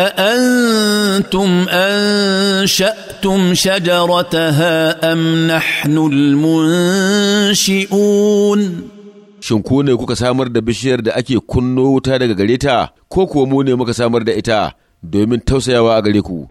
أأنتم أنشأتم شجرتها أم نحن المنشئون Shin ku ne kuka samar da bishiyar da ake kunno wuta daga gare ta, ko kuwa mu ne muka samar da ita domin tausayawa a gare ku.